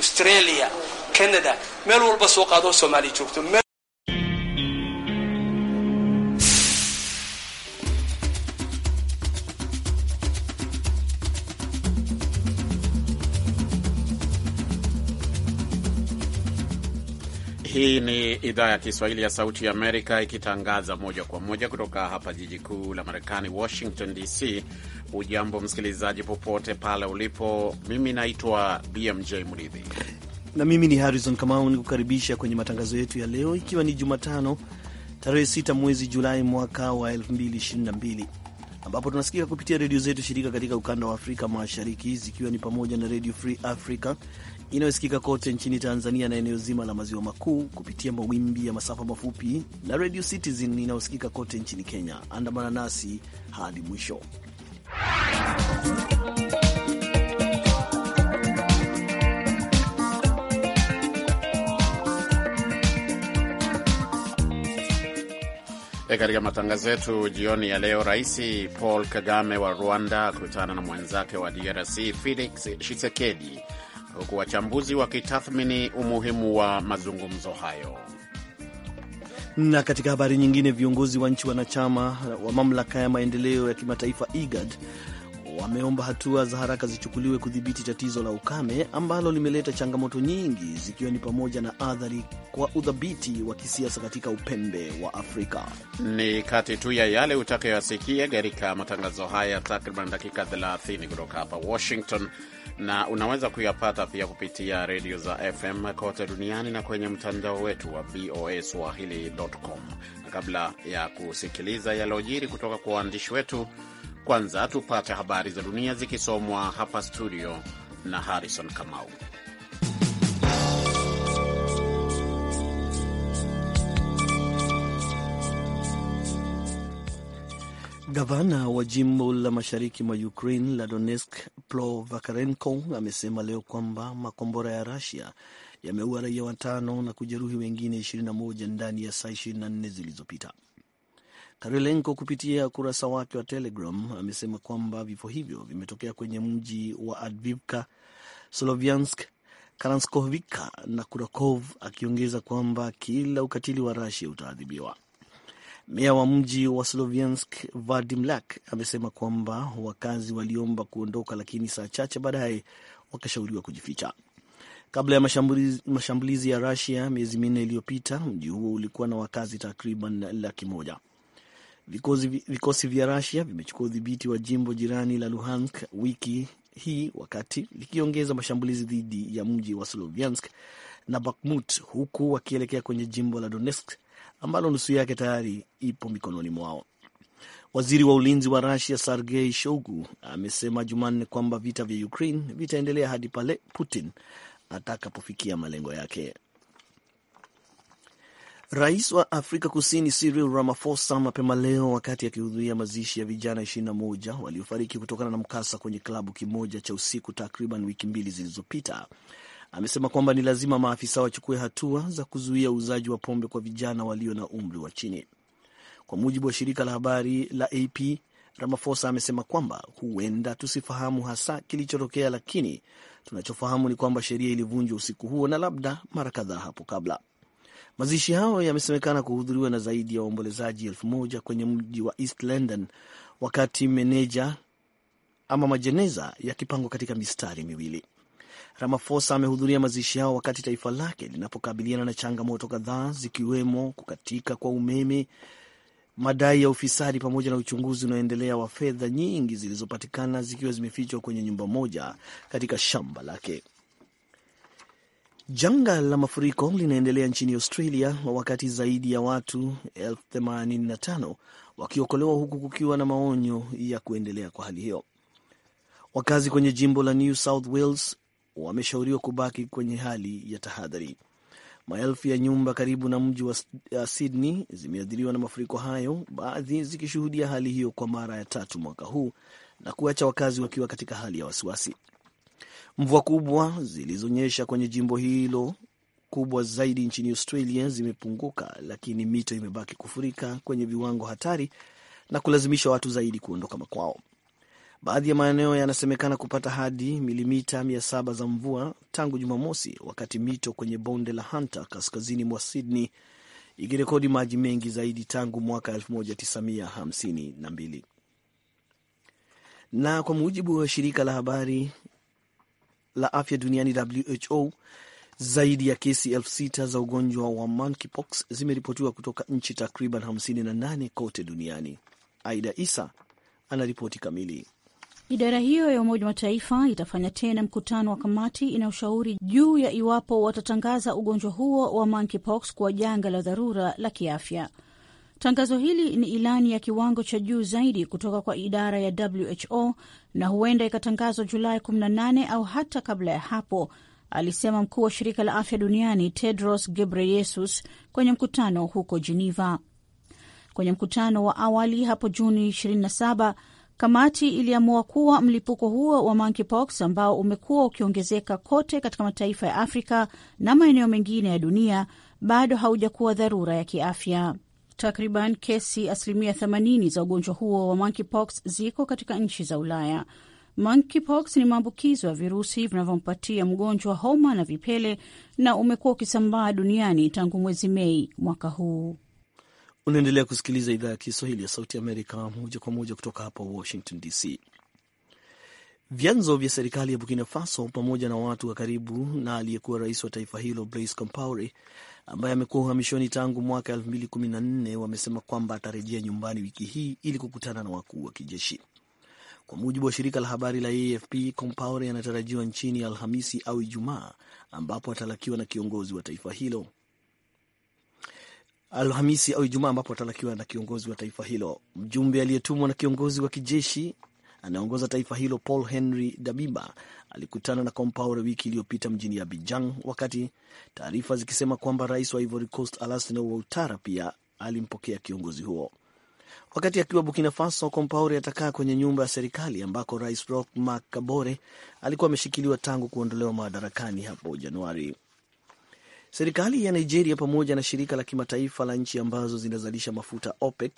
australia canada meel walba soo qaadoo soomaaliya joogto Hii ni idhaa ya Kiswahili ya Sauti ya Amerika ikitangaza moja kwa moja kutoka hapa jiji kuu la Marekani, Washington DC. Ujambo msikilizaji, popote pale ulipo. Mimi naitwa BMJ Mridhi na mimi ni Harrison Kamau, kukaribisha kwenye matangazo yetu ya leo, ikiwa ni Jumatano tarehe 6 mwezi Julai mwaka wa 2022 ambapo tunasikika kupitia redio zetu shirika katika ukanda wa Afrika Mashariki, zikiwa ni pamoja na Redio Free Africa inayosikika kote nchini Tanzania na eneo zima la maziwa makuu kupitia mawimbi ya masafa mafupi na Radio Citizen inayosikika kote nchini Kenya. Andamana nasi hadi mwisho. E, katika matangazo yetu jioni ya leo, Rais Paul Kagame wa Rwanda akutana na mwenzake wa DRC Felix Tshisekedi huku wachambuzi wakitathmini umuhimu wa mazungumzo hayo. Na katika habari nyingine, viongozi wa nchi wanachama wa mamlaka ya maendeleo ya kimataifa IGAD wameomba hatua za haraka zichukuliwe kudhibiti tatizo la ukame ambalo limeleta changamoto nyingi zikiwa ni pamoja na athari kwa udhabiti wa kisiasa katika upembe wa Afrika. Ni kati tu ya yale utakayoyasikia katika matangazo haya takriban dakika 30 kutoka hapa Washington, na unaweza kuyapata pia kupitia redio za FM kote duniani na kwenye mtandao wetu wa VOA swahili.com. Na kabla ya kusikiliza yalojiri kutoka kwa waandishi wetu kwanza tupate habari za dunia zikisomwa hapa studio na Harrison Kamau. Gavana wa jimbo la mashariki mwa Ukraine la Donetsk, Plo Vakarenko, amesema leo kwamba makombora ya Rusia yameua raia watano na kujeruhi wengine 21 ndani ya saa 24 zilizopita. Karilenko kupitia ukurasa wake wa Telegram amesema kwamba vifo hivyo vimetokea kwenye mji wa Advivka, Sloviansk, karanskovika na Kurakov, akiongeza kwamba kila ukatili wa Rasia utaadhibiwa. Meya wa mji wa Sloviansk vadimlak amesema kwamba wakazi waliomba kuondoka, lakini saa chache baadaye wakashauriwa kujificha. Kabla ya mashambulizi, mashambulizi ya Rasia miezi minne iliyopita, mji huo ulikuwa na wakazi takriban laki moja. Vikosi, vikosi vya Rusia vimechukua udhibiti wa jimbo jirani la Luhansk wiki hii wakati likiongeza mashambulizi dhidi ya mji wa Sloviansk na Bakhmut huku wakielekea kwenye jimbo la Donetsk ambalo nusu yake tayari ipo mikononi mwao. Waziri wa ulinzi wa Rusia Sergei Shoigu amesema Jumanne kwamba vita vya Ukraine vitaendelea hadi pale Putin atakapofikia malengo yake. Rais wa Afrika Kusini Cyril Ramaphosa mapema leo wakati akihudhuria mazishi ya vijana 21 waliofariki kutokana na mkasa kwenye klabu kimoja cha usiku takriban wiki mbili zilizopita amesema kwamba ni lazima maafisa wachukue hatua za kuzuia uuzaji wa pombe kwa vijana walio na umri wa chini. Kwa mujibu wa shirika la habari la AP, Ramaphosa amesema kwamba huenda tusifahamu hasa kilichotokea, lakini tunachofahamu ni kwamba sheria ilivunjwa usiku huo na labda mara kadhaa hapo kabla. Mazishi hayo yamesemekana kuhudhuriwa na zaidi ya waombolezaji elfu moja kwenye mji wa East London, wakati meneja ama majeneza yakipangwa katika mistari miwili. ramafosa amehudhuria mazishi hao wakati taifa lake linapokabiliana na changamoto kadhaa zikiwemo kukatika kwa umeme, madai ya ufisadi, pamoja na uchunguzi unaoendelea wa fedha nyingi zilizopatikana zikiwa zimefichwa kwenye nyumba moja katika shamba lake. Janga la mafuriko linaendelea nchini Australia wakati zaidi ya watu 85 wakiokolewa huku kukiwa na maonyo ya kuendelea kwa hali hiyo. Wakazi kwenye jimbo la New South Wales wameshauriwa kubaki kwenye hali ya tahadhari. Maelfu ya nyumba karibu na mji wa Sydney zimeathiriwa na mafuriko hayo, baadhi zikishuhudia hali hiyo kwa mara ya tatu mwaka huu na kuacha wakazi wakiwa katika hali ya wasiwasi. Mvua kubwa zilizonyesha kwenye jimbo hilo kubwa zaidi nchini Australia zimepunguka, lakini mito imebaki kufurika kwenye viwango hatari na kulazimisha watu zaidi kuondoka makwao. Baadhi ya maeneo yanasemekana kupata hadi milimita mia saba za mvua tangu Jumamosi, wakati mito kwenye bonde la Hunter kaskazini mwa Sydney ikirekodi maji mengi zaidi tangu mwaka 1952. Na kwa mujibu wa shirika la habari la afya duniani WHO, zaidi ya kesi elfu sita za ugonjwa wa monkeypox zimeripotiwa kutoka nchi takriban 58 kote duniani. Aida Isa anaripoti kamili. Idara hiyo ya Umoja wa Mataifa itafanya tena mkutano wa kamati inayoshauri juu ya iwapo watatangaza ugonjwa huo wa monkeypox kuwa janga la dharura la kiafya. Tangazo hili ni ilani ya kiwango cha juu zaidi kutoka kwa idara ya WHO na huenda ikatangazwa Julai 18 au hata kabla ya hapo, alisema mkuu wa shirika la afya duniani Tedros Ghebreyesus kwenye mkutano huko Geneva. Kwenye mkutano wa awali hapo Juni 27, kamati iliamua kuwa mlipuko huo wa monkeypox ambao umekuwa ukiongezeka kote katika mataifa ya Afrika na maeneo mengine ya dunia bado haujakuwa dharura ya kiafya. Takriban kesi asilimia 80 za ugonjwa huo wa monkeypox ziko katika nchi za Ulaya. Monkeypox ni maambukizo ya virusi vinavyompatia mgonjwa homa na vipele na umekuwa ukisambaa duniani tangu mwezi Mei mwaka huu. Unaendelea kusikiliza idhaa ya Kiswahili ya Sauti Amerika moja kwa moja kutoka hapa Washington DC. Vyanzo vya serikali ya Burkina Faso pamoja na watu wa karibu na aliyekuwa rais wa taifa hilo Blaise Compaore ambaye amekuwa uhamishoni tangu mwaka 2014 wamesema kwamba atarejea nyumbani wiki hii ili kukutana na wakuu wa kijeshi. Kwa mujibu wa shirika la habari la AFP, Compaore anatarajiwa nchini Alhamisi au Ijumaa, ambapo atalakiwa na kiongozi wa taifa hilo Alhamisi au Ijumaa, ambapo atalakiwa na kiongozi wa taifa hilo. Mjumbe aliyetumwa na kiongozi wa kijeshi anaongoza taifa hilo Paul Henry Dabiba alikutana na Compaore wiki iliyopita mjini Abidjan, wakati taarifa zikisema kwamba rais wa Ivory Coast Alassane Ouattara pia alimpokea kiongozi huo. Wakati akiwa Burkina Faso, Compaore atakaa kwenye nyumba ya serikali ambako rais Roch Marc Kabore alikuwa ameshikiliwa tangu kuondolewa madarakani hapo Januari. Serikali ya Nigeria pamoja na shirika la kimataifa la nchi ambazo zinazalisha mafuta OPEC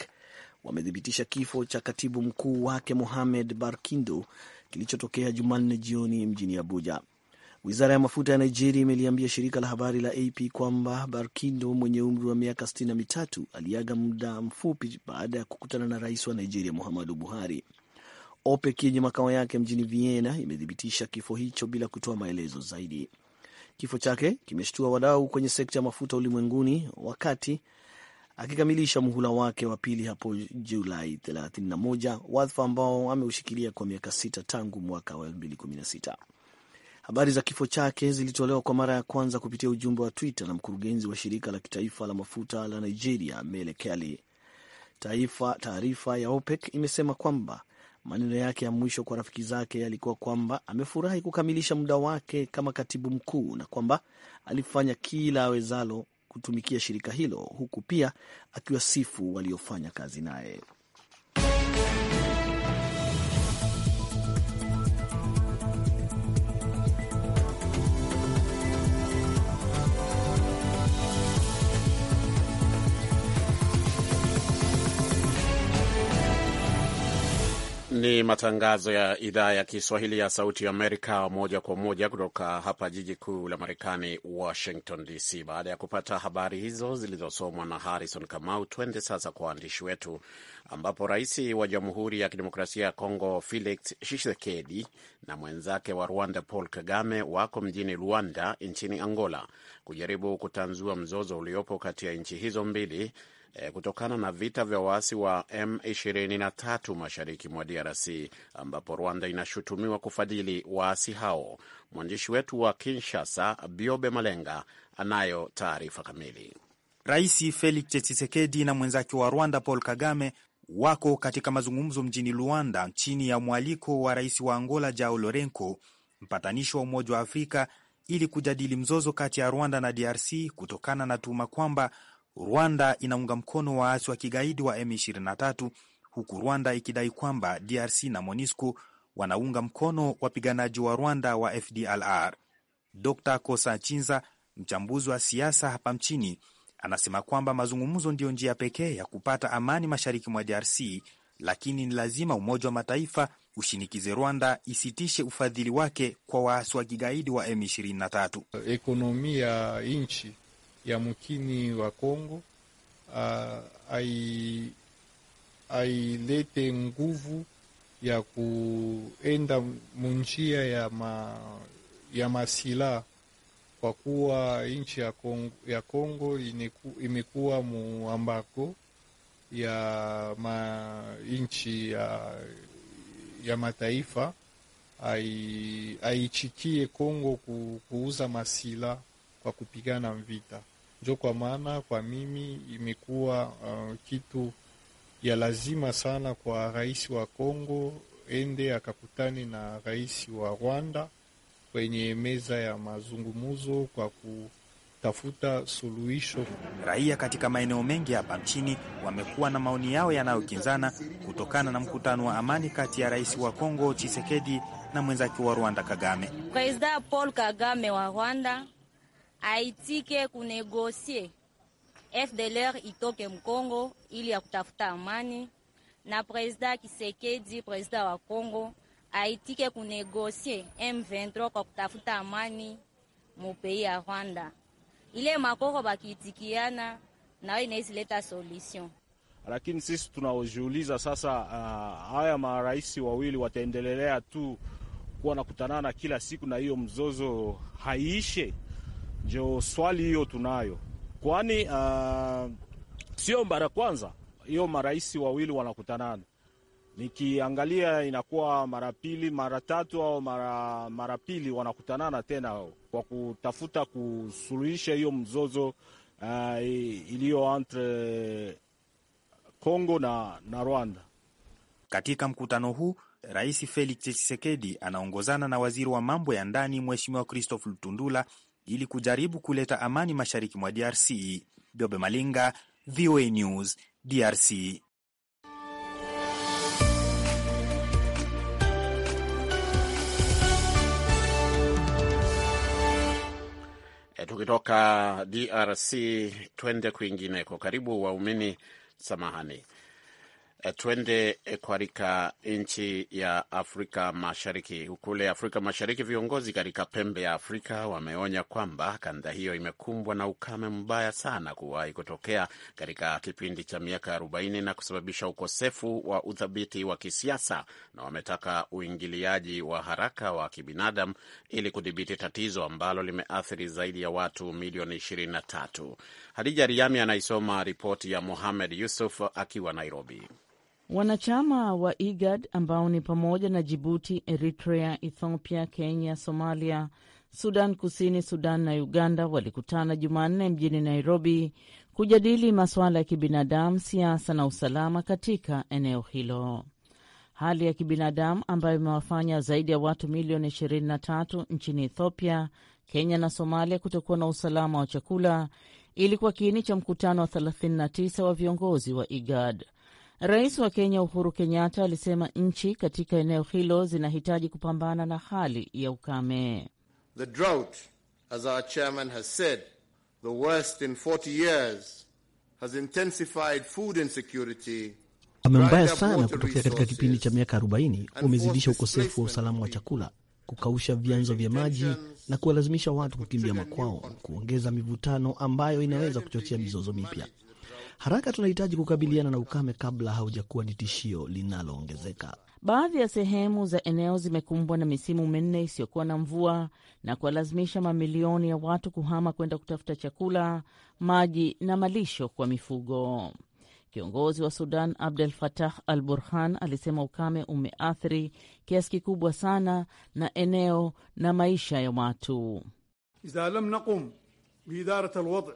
wamethibitisha kifo cha katibu mkuu wake Mohamed Barkindo kilichotokea Jumanne jioni mjini Abuja. Wizara ya mafuta ya Nigeria imeliambia shirika la habari la AP kwamba Barkindo mwenye umri wa miaka sitini na mitatu aliaga muda mfupi baada ya kukutana na rais wa Nigeria Muhammadu Buhari. OPEC yenye makao yake mjini Vienna imethibitisha kifo hicho bila kutoa maelezo zaidi. Kifo chake kimeshtua wadau kwenye sekta ya mafuta ulimwenguni, wakati akikamilisha muhula wake wa pili hapo Julai 31, wadhifa ambao ameushikilia kwa miaka sita tangu mwaka wa 2016. Habari za kifo chake zilitolewa kwa mara ya kwanza kupitia ujumbe wa Twitter na mkurugenzi wa shirika la kitaifa la mafuta la Nigeria, Mele Kyari. Taarifa ya OPEC imesema kwamba maneno yake ya mwisho kwa rafiki zake yalikuwa kwamba amefurahi kukamilisha muda wake kama katibu mkuu na kwamba alifanya kila awezalo kutumikia shirika hilo, huku pia akiwasifu waliofanya kazi naye. Ni matangazo ya idhaa ya Kiswahili ya Sauti ya Amerika, moja kwa moja kutoka hapa jiji kuu la Marekani, Washington DC. Baada ya kupata habari hizo zilizosomwa na Harrison Kamau, twende sasa kwa waandishi wetu, ambapo rais wa Jamhuri ya Kidemokrasia ya Kongo Felix Tshisekedi na mwenzake wa Rwanda Paul Kagame wako mjini Luanda nchini Angola kujaribu kutanzua mzozo uliopo kati ya nchi hizo mbili eh, kutokana na vita vya waasi wa M23 mashariki mwa DRC ambapo Rwanda inashutumiwa kufadhili waasi hao. Mwandishi wetu wa Kinshasa, Biobe Malenga, anayo taarifa kamili. Rais Felix Tshisekedi na mwenzake wa Rwanda Paul Kagame wako katika mazungumzo mjini Luanda chini ya mwaliko wa rais wa Angola jao lorenko mpatanishi wa Umoja wa Afrika, ili kujadili mzozo kati ya Rwanda na DRC kutokana na tuhuma kwamba Rwanda inaunga mkono waasi wa kigaidi wa M23 huku Rwanda ikidai kwamba DRC na MONUSCO wanaunga mkono wapiganaji wa Rwanda wa FDLR. Dr Kosa Chinza, mchambuzi wa siasa hapa mchini anasema kwamba mazungumzo ndiyo njia pekee ya kupata amani mashariki mwa DRC, lakini ni lazima Umoja wa Mataifa ushinikize Rwanda isitishe ufadhili wake kwa waasi wa kigaidi wa M23. ekonomi ya nchi ya mkini wa Kongo ah, ailete ai nguvu ya kuenda munjia ya, ma, ya masila kwa kuwa nchi ya Kongo, ya Kongo imekuwa muambako ya ma, nchi ya, ya mataifa aichikie ai Kongo ku, kuuza masila kwa kupigana vita njo kwa maana kwa mimi imekuwa uh, kitu ya lazima sana kwa rais wa Kongo ende akakutane na rais wa Rwanda kwenye meza ya mazungumuzo kwa kutafuta suluhisho. Raia katika maeneo mengi hapa nchini wamekuwa na maoni yao yanayokinzana kutokana na mkutano wa amani kati ya rais wa Kongo chisekedi na mwenzake wa Rwanda Kagame. President Paul Kagame wa Rwanda aitike kunegosie FDLR itoke Mkongo ili ya kutafuta amani, na presida Kisekedi, presida wa Kongo, aitike kunegosie M23 kwa kutafuta amani mupei ya Rwanda. Ile makoro bakiitikiana nayo inaisileta solution lakini sisi tunaojiuliza sasa, uh, haya marais wawili wataendelelea tu kuwa nakutanana kila siku na hiyo mzozo haiishe? ndio swali hiyo tunayo, kwani uh, sio mara kwanza hiyo marais wawili wanakutanana. Nikiangalia inakuwa mara pili mara tatu au mara, mara pili wanakutanana tena kwa kutafuta kusuluhisha hiyo mzozo uh, iliyo entre congo na, na Rwanda. Katika mkutano huu Rais Felix Tshisekedi anaongozana na waziri wa mambo ya ndani Mheshimiwa Christophe Lutundula ili kujaribu kuleta amani mashariki mwa DRC. Biobe Malinga, VOA News, DRC. Eh, tukitoka DRC twende kwingineko. Karibu waumini, samahani Eh, twende eh, katika nchi ya Afrika Mashariki. Kule Afrika Mashariki, viongozi katika pembe ya Afrika wameonya kwamba kanda hiyo imekumbwa na ukame mbaya sana kuwahi kutokea katika kipindi cha miaka 40 na kusababisha ukosefu wa uthabiti wa kisiasa, na wametaka uingiliaji wa haraka wa kibinadamu ili kudhibiti tatizo ambalo limeathiri zaidi ya watu milioni 23. Hadija Riami anaisoma ripoti ya Mohamed Yusuf akiwa Nairobi. Wanachama wa IGAD ambao ni pamoja na Jibuti, Eritrea, Ethiopia, Kenya, Somalia, Sudan Kusini, Sudan na Uganda walikutana Jumanne mjini Nairobi kujadili masuala ya kibinadamu, siasa na usalama katika eneo hilo. Hali ya kibinadamu ambayo imewafanya zaidi ya watu milioni 23 nchini Ethiopia, Kenya na Somalia kutokuwa na usalama wa chakula ilikuwa kiini cha mkutano wa 39 wa viongozi wa IGAD. Rais wa Kenya Uhuru Kenyatta alisema nchi katika eneo hilo zinahitaji kupambana na hali ya ukame. The drought, as our chairman has said, the worst in 40 years has intensified food insecurity mbaya sana kutokea katika kipindi cha miaka 40 umezidisha ukosefu wa usalama wa chakula, kukausha vyanzo vya maji na kuwalazimisha watu kukimbia makwao, kuongeza mivutano ambayo inaweza kuchochea mizozo mipya. Haraka tunahitaji kukabiliana na ukame kabla haujakuwa ni tishio linaloongezeka. Baadhi ya sehemu za eneo zimekumbwa na misimu minne isiyokuwa na mvua na kuwalazimisha mamilioni ya watu kuhama kwenda kutafuta chakula, maji na malisho kwa mifugo. Kiongozi wa Sudan Abdel Fattah al Burhan alisema ukame umeathiri kiasi kikubwa sana na eneo na maisha ya watu. idha lam naqum biidarat alwad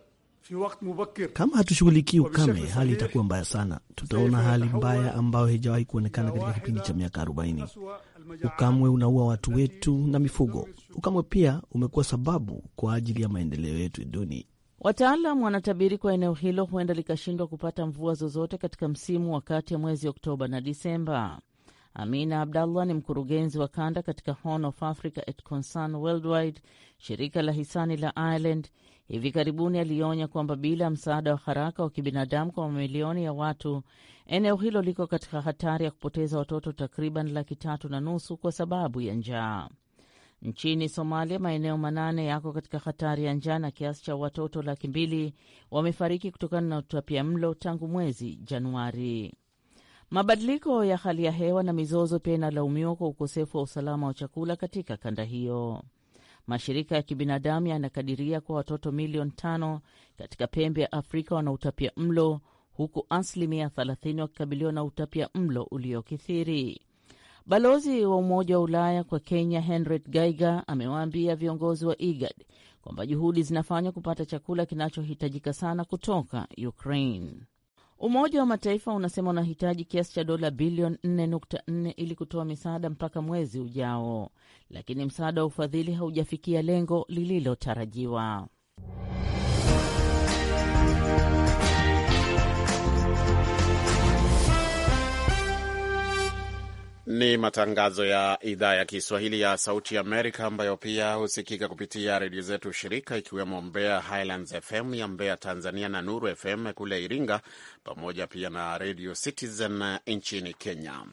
kama hatushughulikii ukame, hali itakuwa mbaya sana. Tutaona hali mbaya ambayo haijawahi kuonekana katika kipindi cha miaka 40. Ukamwe unaua watu wetu na mifugo. Ukamwe pia umekuwa sababu kwa ajili ya maendeleo yetu duni. Wataalam wanatabiri kwa eneo hilo huenda likashindwa kupata mvua zozote katika msimu wa kati ya mwezi Oktoba na Disemba. Amina Abdallah ni mkurugenzi wa kanda katika Horn of Africa at Concern Worldwide, shirika la hisani la Ireland Hivi karibuni alionya kwamba bila msaada wa haraka wa kibinadamu kwa mamilioni ya watu, eneo hilo liko katika hatari ya kupoteza watoto takriban laki tatu na nusu kwa sababu ya njaa. Nchini Somalia, maeneo manane yako katika hatari ya njaa na kiasi cha watoto laki mbili wamefariki kutokana na utapia mlo tangu mwezi Januari. Mabadiliko ya hali ya hewa na mizozo pia inalaumiwa kwa ukosefu wa usalama wa chakula katika kanda hiyo. Mashirika ya kibinadamu yanakadiria kuwa watoto milioni tano katika pembe ya Afrika wana utapia mlo huku asilimia 30 wakikabiliwa na utapia mlo uliokithiri. Balozi wa Umoja wa Ulaya kwa Kenya henrit Geiger amewaambia viongozi wa IGAD kwamba juhudi zinafanywa kupata chakula kinachohitajika sana kutoka Ukraine. Umoja wa Mataifa unasema unahitaji kiasi cha dola bilioni 4.4 ili kutoa misaada mpaka mwezi ujao, lakini msaada wa ufadhili haujafikia lengo lililotarajiwa. Ni matangazo ya idhaa ya Kiswahili ya Sauti ya Amerika ambayo pia husikika kupitia redio zetu shirika ikiwemo Mbeya Highlands FM ya Mbeya Tanzania na Nuru FM kule Iringa, pamoja pia na Radio Citizen nchini Kenya.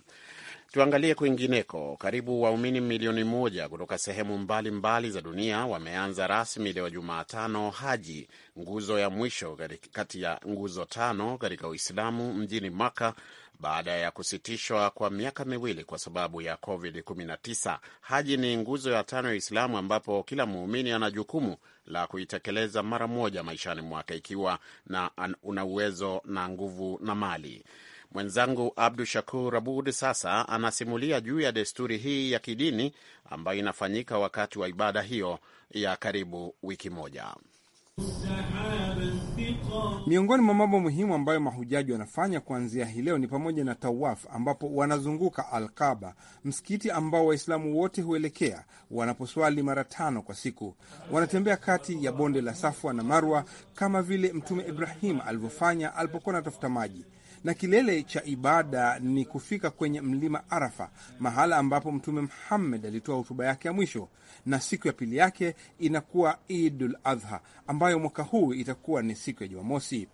Tuangalie kwingineko. Karibu waumini milioni moja kutoka sehemu mbalimbali mbali za dunia wameanza rasmi leo Jumatano haji, nguzo ya mwisho kati ya nguzo tano katika Uislamu mjini Maka baada ya kusitishwa kwa miaka miwili kwa sababu ya COVID-19. Haji ni nguzo ya tano ya Uislamu, ambapo kila muumini ana jukumu la kuitekeleza mara moja maishani mwake, ikiwa na una uwezo na nguvu na mali. Mwenzangu Abdu Shakur Abud sasa anasimulia juu ya desturi hii ya kidini ambayo inafanyika wakati wa ibada hiyo ya karibu wiki moja Miongoni mwa mambo muhimu ambayo mahujaji wanafanya kuanzia hii leo ni pamoja na tawaf, ambapo wanazunguka Alkaba, msikiti ambao Waislamu wote huelekea wanaposwali mara tano kwa siku. Wanatembea kati ya bonde la Safwa na Marwa kama vile Mtume Ibrahim alivyofanya alipokuwa anatafuta maji na kilele cha ibada ni kufika kwenye mlima Arafa, mahala ambapo Mtume Muhammad alitoa hotuba yake ya mwisho. Na siku ya pili yake inakuwa Idul Adha, ambayo mwaka huu itakuwa ni siku ya Jumamosi.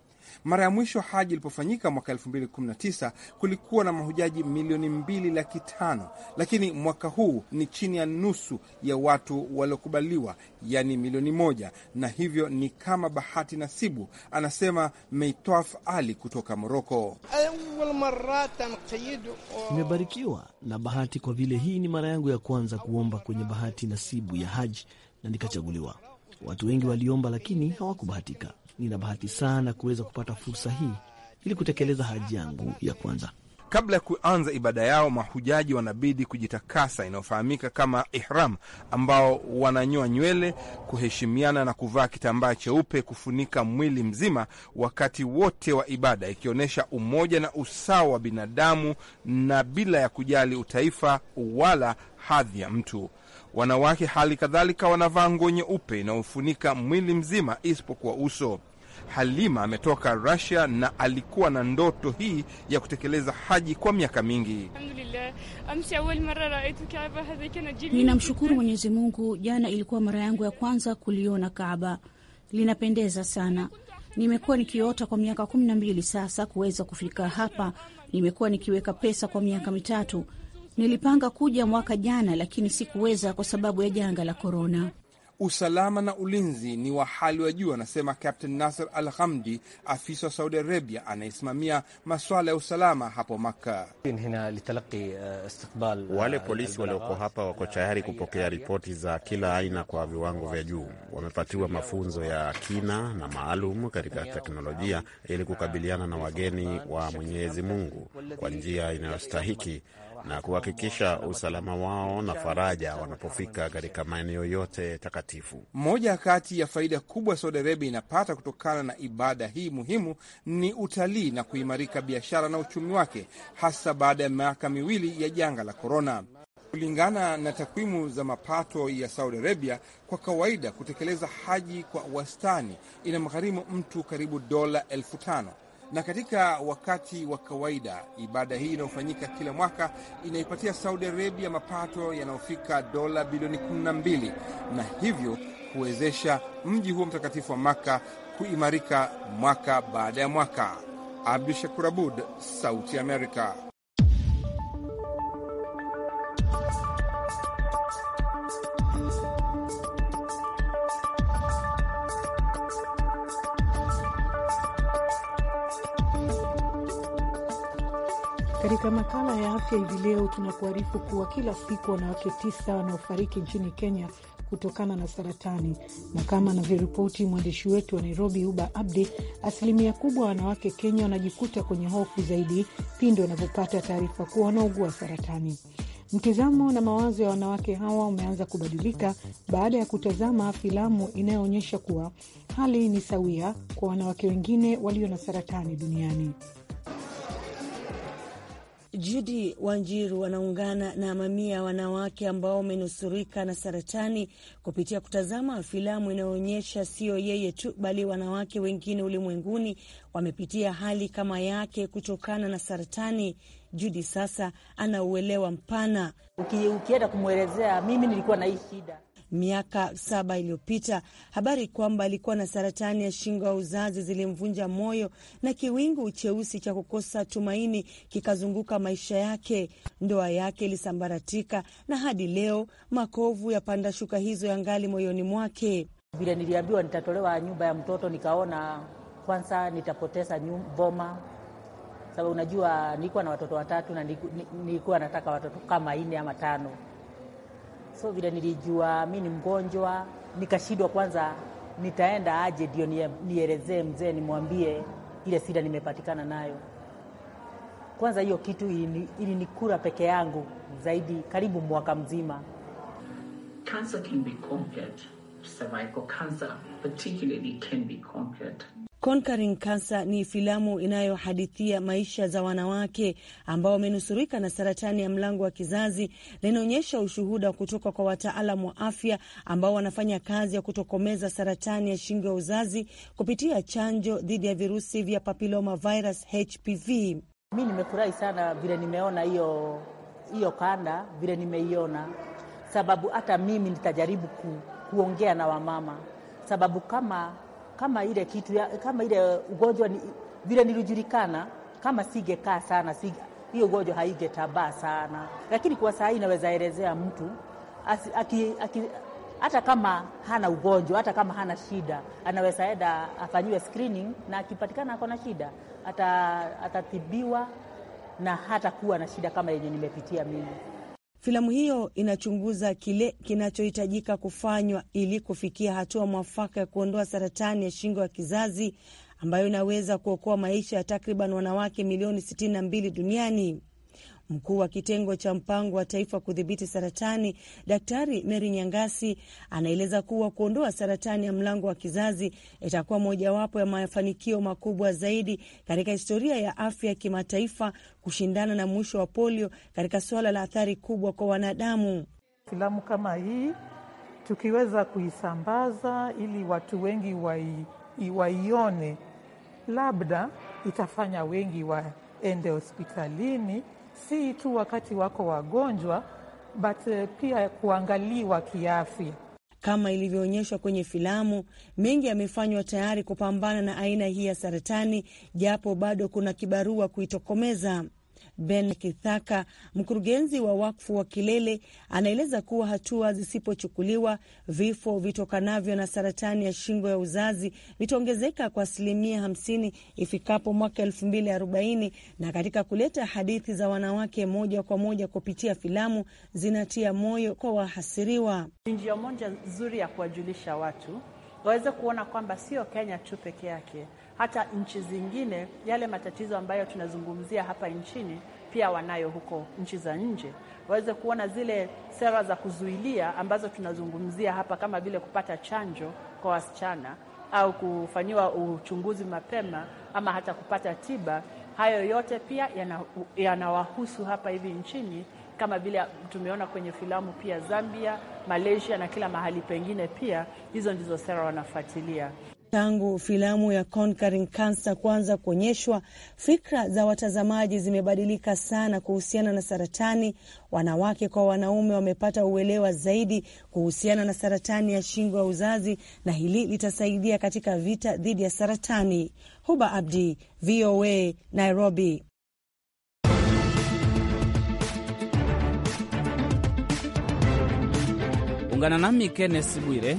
Mara ya mwisho haji ilipofanyika mwaka 2019 kulikuwa na mahujaji milioni mbili laki tano, lakini mwaka huu ni chini ya nusu ya watu waliokubaliwa, yani milioni moja, na hivyo ni kama bahati nasibu, anasema Meitwaf Ali kutoka Moroko. Oh. Nimebarikiwa na bahati kwa vile hii ni mara yangu ya kwanza kuomba kwenye bahati nasibu ya haji na nikachaguliwa. Watu wengi waliomba lakini hawakubahatika. Nina bahati sana kuweza kupata fursa hii ili kutekeleza haji yangu ya kwanza. Kabla ya kuanza ibada yao, mahujaji wanabidi kujitakasa, inayofahamika kama ihram, ambao wananyoa nywele, kuheshimiana na kuvaa kitambaa cheupe kufunika mwili mzima wakati wote wa ibada, ikionyesha umoja na usawa wa binadamu na bila ya kujali utaifa wala hadhi ya mtu. Wanawake hali kadhalika wanavaa nguo nyeupe inayofunika mwili mzima isipokuwa uso. Halima ametoka Russia na alikuwa na ndoto hii ya kutekeleza haji kwa miaka mingi. Ninamshukuru Mwenyezi Mungu, jana ilikuwa mara yangu ya kwanza kuliona Kaaba, linapendeza sana. Nimekuwa nikiota kwa miaka kumi na mbili sasa kuweza kufika hapa. Nimekuwa nikiweka pesa kwa miaka mitatu. Nilipanga kuja mwaka jana, lakini sikuweza kwa sababu ya janga la korona usalama na ulinzi ni wa hali wa juu, anasema Captain Nasser Al Hamdi, afisa wa Saudi Arabia anayesimamia masuala ya usalama hapo Makka. Wale polisi walioko hapa wako tayari kupokea ripoti za kila aina kwa viwango vya juu. Wamepatiwa mafunzo ya kina na maalum katika teknolojia ili kukabiliana na wageni wa Mwenyezi Mungu kwa njia inayostahiki na kuhakikisha usalama wao na faraja wanapofika katika maeneo yote takatifu. Moja kati ya faida kubwa Saudi Arabia inapata kutokana na ibada hii muhimu ni utalii na kuimarika biashara na uchumi wake, hasa baada ya miaka miwili ya janga la korona. Kulingana na takwimu za mapato ya Saudi Arabia, kwa kawaida kutekeleza haji kwa wastani inamgharimu mtu karibu dola elfu tano. Na katika wakati wa kawaida, ibada hii inayofanyika kila mwaka inaipatia Saudi Arabia mapato yanayofika dola bilioni 12 na hivyo kuwezesha mji huo mtakatifu wa Maka kuimarika mwaka baada ya mwaka. Abdu Shakur Abud, Sauti Amerika. Katika makala ya afya hivi leo tunakuarifu kuwa kila siku wanawake tisa wanaofariki nchini Kenya kutokana na saratani, na kama anavyoripoti mwandishi wetu wa Nairobi Uba Abdi, asilimia kubwa wanawake Kenya wanajikuta kwenye hofu zaidi pindi wanapopata taarifa kuwa wanaugua saratani. Mtizamo na mawazo ya wanawake hawa umeanza kubadilika baada ya kutazama filamu inayoonyesha kuwa hali ni sawia kwa wanawake wengine walio na saratani duniani judi Wanjiru wanaungana na mamia wanawake ambao wamenusurika na saratani kupitia kutazama filamu inayoonyesha sio yeye tu bali wanawake wengine ulimwenguni wamepitia hali kama yake kutokana na saratani. judi sasa anauelewa mpana. ukienda kumwelezea mimi nilikuwa na hii shida miaka saba iliyopita. Habari kwamba alikuwa na saratani ya shingo ya uzazi zilimvunja moyo na kiwingu cheusi cha kukosa tumaini kikazunguka maisha yake. Ndoa yake ilisambaratika na hadi leo makovu ya shuka hizo ya ngali moyoni mwake. Vile niliambiwa nitatolewa nyumba ya mtoto, nikaona kwanza nitapoteza boma sababu unajua nilikuwa na watoto watatu na nilikuwa nataka watoto kama nne ama tano so vile nilijua mi ni mgonjwa, nikashindwa kwanza nitaenda aje ndio nielezee mzee, nimwambie ile sida nimepatikana nayo. Kwanza hiyo kitu ni ili peke yangu zaidi karibu mwaka mzima. Cancer can be cervical cancer particularly can be Conquering Cancer ni filamu inayohadithia maisha za wanawake ambao wamenusurika na saratani ya mlango wa kizazi. Linaonyesha ushuhuda kutoka kwa wataalam wa afya ambao wanafanya kazi ya kutokomeza saratani ya shingo ya uzazi kupitia chanjo dhidi ya virusi vya papiloma virus HPV. Mi nimefurahi sana vile nimeona hiyo hiyo kanda, vile nimeiona, sababu hata mimi nitajaribu ku, kuongea na wamama sababu kama kama ile kitu ya, kama ile ugonjwa ni, vile nilijulikana kama singekaa sana hiyo ugonjwa haigetabaa sana lakini kwa saa hii inaweza elezea mtu as, aki, aki, hata kama hana ugonjwa hata kama hana shida anaweza enda afanyiwe screening na akipatikana ako na shida atatibiwa na hata kuwa na shida kama yenye nimepitia mimi. Filamu hiyo inachunguza kile kinachohitajika kufanywa ili kufikia hatua mwafaka ya kuondoa saratani ya shingo ya kizazi ambayo inaweza kuokoa maisha ya takriban wanawake milioni 62 duniani. Mkuu wa kitengo cha mpango wa taifa wa kudhibiti saratani, Daktari Mary Nyangasi anaeleza kuwa kuondoa saratani ya mlango wa kizazi itakuwa mojawapo ya mafanikio makubwa zaidi katika historia ya afya ya kimataifa, kushindana na mwisho wa polio katika suala la athari kubwa kwa wanadamu. Filamu kama hii tukiweza kuisambaza ili watu wengi waione, labda itafanya wengi waende hospitalini si tu wakati wako wagonjwa, but eh, pia kuangaliwa kiafya. Kama ilivyoonyeshwa kwenye filamu, mengi yamefanywa tayari kupambana na aina hii ya saratani, japo bado kuna kibarua kuitokomeza. Ben Kithaka, mkurugenzi wa wakfu wa Kilele, anaeleza kuwa hatua zisipochukuliwa, vifo vitokanavyo na saratani ya shingo ya uzazi vitaongezeka kwa asilimia hamsini ifikapo mwaka arobaini na katika kuleta hadithi za wanawake moja kwa moja kupitia filamu zinatia moyo kwa wahasiriwa. ni Njia moja nzuri ya kuwajulisha watu waweze kuona kwamba sio Kenya tu peke yake hata nchi zingine, yale matatizo ambayo tunazungumzia hapa nchini pia wanayo huko nchi za nje, waweze kuona zile sera za kuzuilia ambazo tunazungumzia hapa, kama vile kupata chanjo kwa wasichana au kufanyiwa uchunguzi mapema ama hata kupata tiba. Hayo yote pia yanawahusu yana hapa hivi nchini, kama vile tumeona kwenye filamu pia Zambia, Malaysia na kila mahali pengine. Pia hizo ndizo sera wanafuatilia. Tangu filamu ya Conquering Cancer kuanza kuonyeshwa, fikra za watazamaji zimebadilika sana kuhusiana na saratani. Wanawake kwa wanaume wamepata uelewa zaidi kuhusiana na saratani ya shingo ya uzazi, na hili litasaidia katika vita dhidi ya saratani. Huba Abdi, VOA, Nairobi. Ungana nami Kenneth Bwire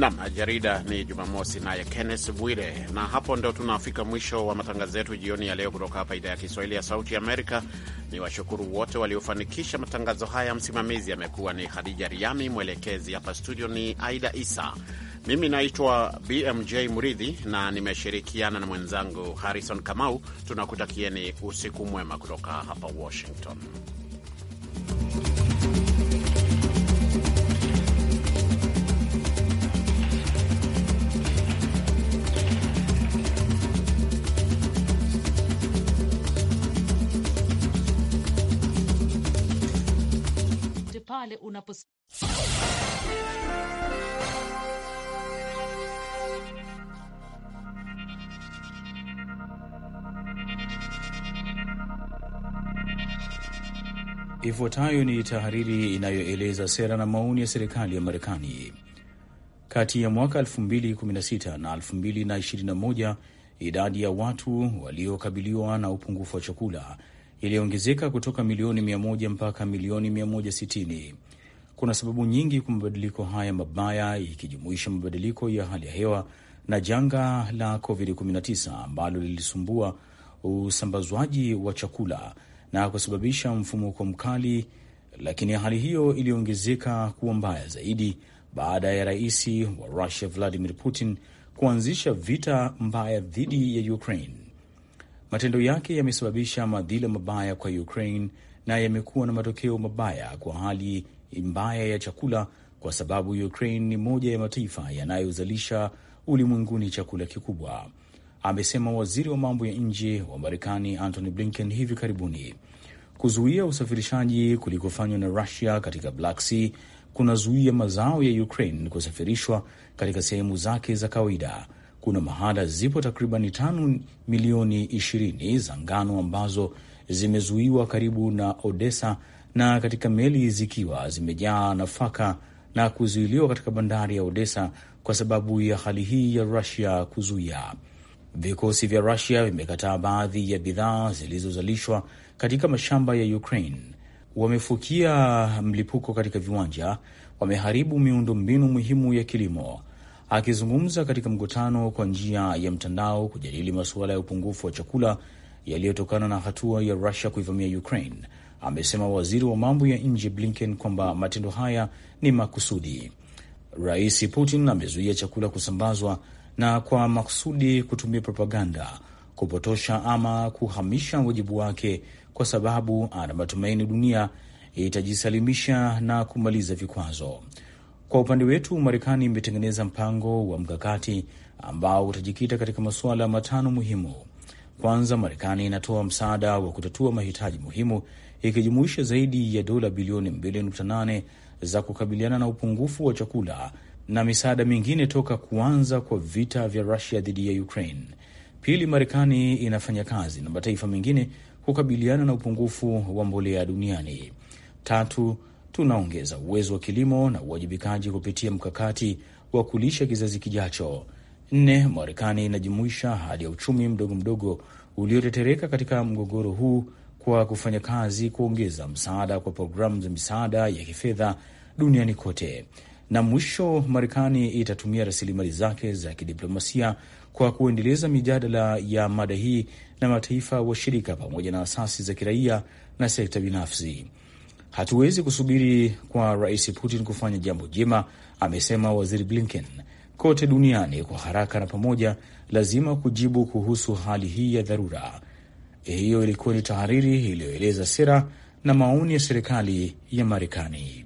Nam, jarida ni Jumamosi naye Kenneth Bwire. Na hapo ndo tunafika mwisho wa matangazo yetu jioni ya leo kutoka hapa idhaa ya Kiswahili ya Sauti Amerika. Ni washukuru wote waliofanikisha matangazo haya. Msimamizi amekuwa ni Khadija Riami, mwelekezi hapa studio ni Aida Isa. Mimi naitwa BMJ Muridhi na nimeshirikiana na mwenzangu Harrison Kamau. Tunakutakieni usiku mwema kutoka hapa Washington. pale unapos Ifuatayo ni tahariri inayoeleza sera na maoni ya serikali ya Marekani. Kati ya mwaka 2016 na 2021, idadi ya watu waliokabiliwa na upungufu wa chakula iliyoongezeka kutoka milioni 100 mpaka milioni 160. Kuna sababu nyingi kwa mabadiliko haya mabaya ikijumuisha mabadiliko ya hali ya hewa na janga la COVID-19 ambalo lilisumbua usambazwaji wa chakula na kusababisha mfumuko mkali, lakini hali hiyo iliongezeka kuwa mbaya zaidi baada ya rais wa Russia Vladimir Putin kuanzisha vita mbaya dhidi ya Ukraine. Matendo yake yamesababisha madhila mabaya kwa Ukraine na yamekuwa na matokeo mabaya kwa hali mbaya ya chakula, kwa sababu Ukraine ni moja ya mataifa yanayozalisha ulimwenguni chakula kikubwa, amesema waziri wa mambo ya nje wa Marekani Antony Blinken hivi karibuni. Kuzuia usafirishaji kulikofanywa na Rusia katika Black Sea kunazuia mazao ya Ukraine kusafirishwa katika sehemu zake za kawaida kuna mahala zipo takribani tani milioni ishirini za ngano ambazo zimezuiwa karibu na Odessa na katika meli zikiwa zimejaa nafaka na kuzuiliwa katika bandari ya Odessa kwa sababu ya hali hii ya Rusia kuzuia. Vikosi vya Rusia vimekataa baadhi ya bidhaa zilizozalishwa katika mashamba ya Ukraine, wamefukia mlipuko katika viwanja, wameharibu miundombinu muhimu ya kilimo Akizungumza katika mkutano kwa njia ya mtandao kujadili masuala ya upungufu wa chakula yaliyotokana na hatua ya Rusia kuivamia Ukraine, amesema waziri wa mambo ya nje Blinken kwamba matendo haya ni makusudi. Rais Putin amezuia chakula kusambazwa na kwa makusudi kutumia propaganda kupotosha ama kuhamisha wajibu wake, kwa sababu ana matumaini dunia itajisalimisha na kumaliza vikwazo. Kwa upande wetu, Marekani imetengeneza mpango wa mkakati ambao utajikita katika masuala matano muhimu. Kwanza, Marekani inatoa msaada wa kutatua mahitaji muhimu ikijumuisha zaidi ya dola bilioni 2.8 za kukabiliana na upungufu wa chakula na misaada mingine toka kuanza kwa vita vya Rusia dhidi ya Ukraine. Pili, Marekani inafanya kazi na mataifa mengine kukabiliana na upungufu wa mbolea duniani. Tatu, tunaongeza uwezo wa kilimo na uwajibikaji kupitia mkakati wa kulisha kizazi kijacho. Nne, Marekani inajumuisha hali ya uchumi mdogo mdogo uliotetereka katika mgogoro huu kwa kufanya kazi kuongeza msaada kwa programu za misaada ya kifedha duniani kote. Na mwisho, Marekani itatumia rasilimali zake za kidiplomasia kwa kuendeleza mijadala ya mada hii na mataifa washirika pamoja na asasi za kiraia na sekta binafsi. Hatuwezi kusubiri kwa Rais Putin kufanya jambo jema, amesema Waziri Blinken. Kote duniani kwa haraka na pamoja, lazima kujibu kuhusu hali hii ya dharura. Hiyo ilikuwa ni tahariri iliyoeleza sera na maoni ya serikali ya Marekani.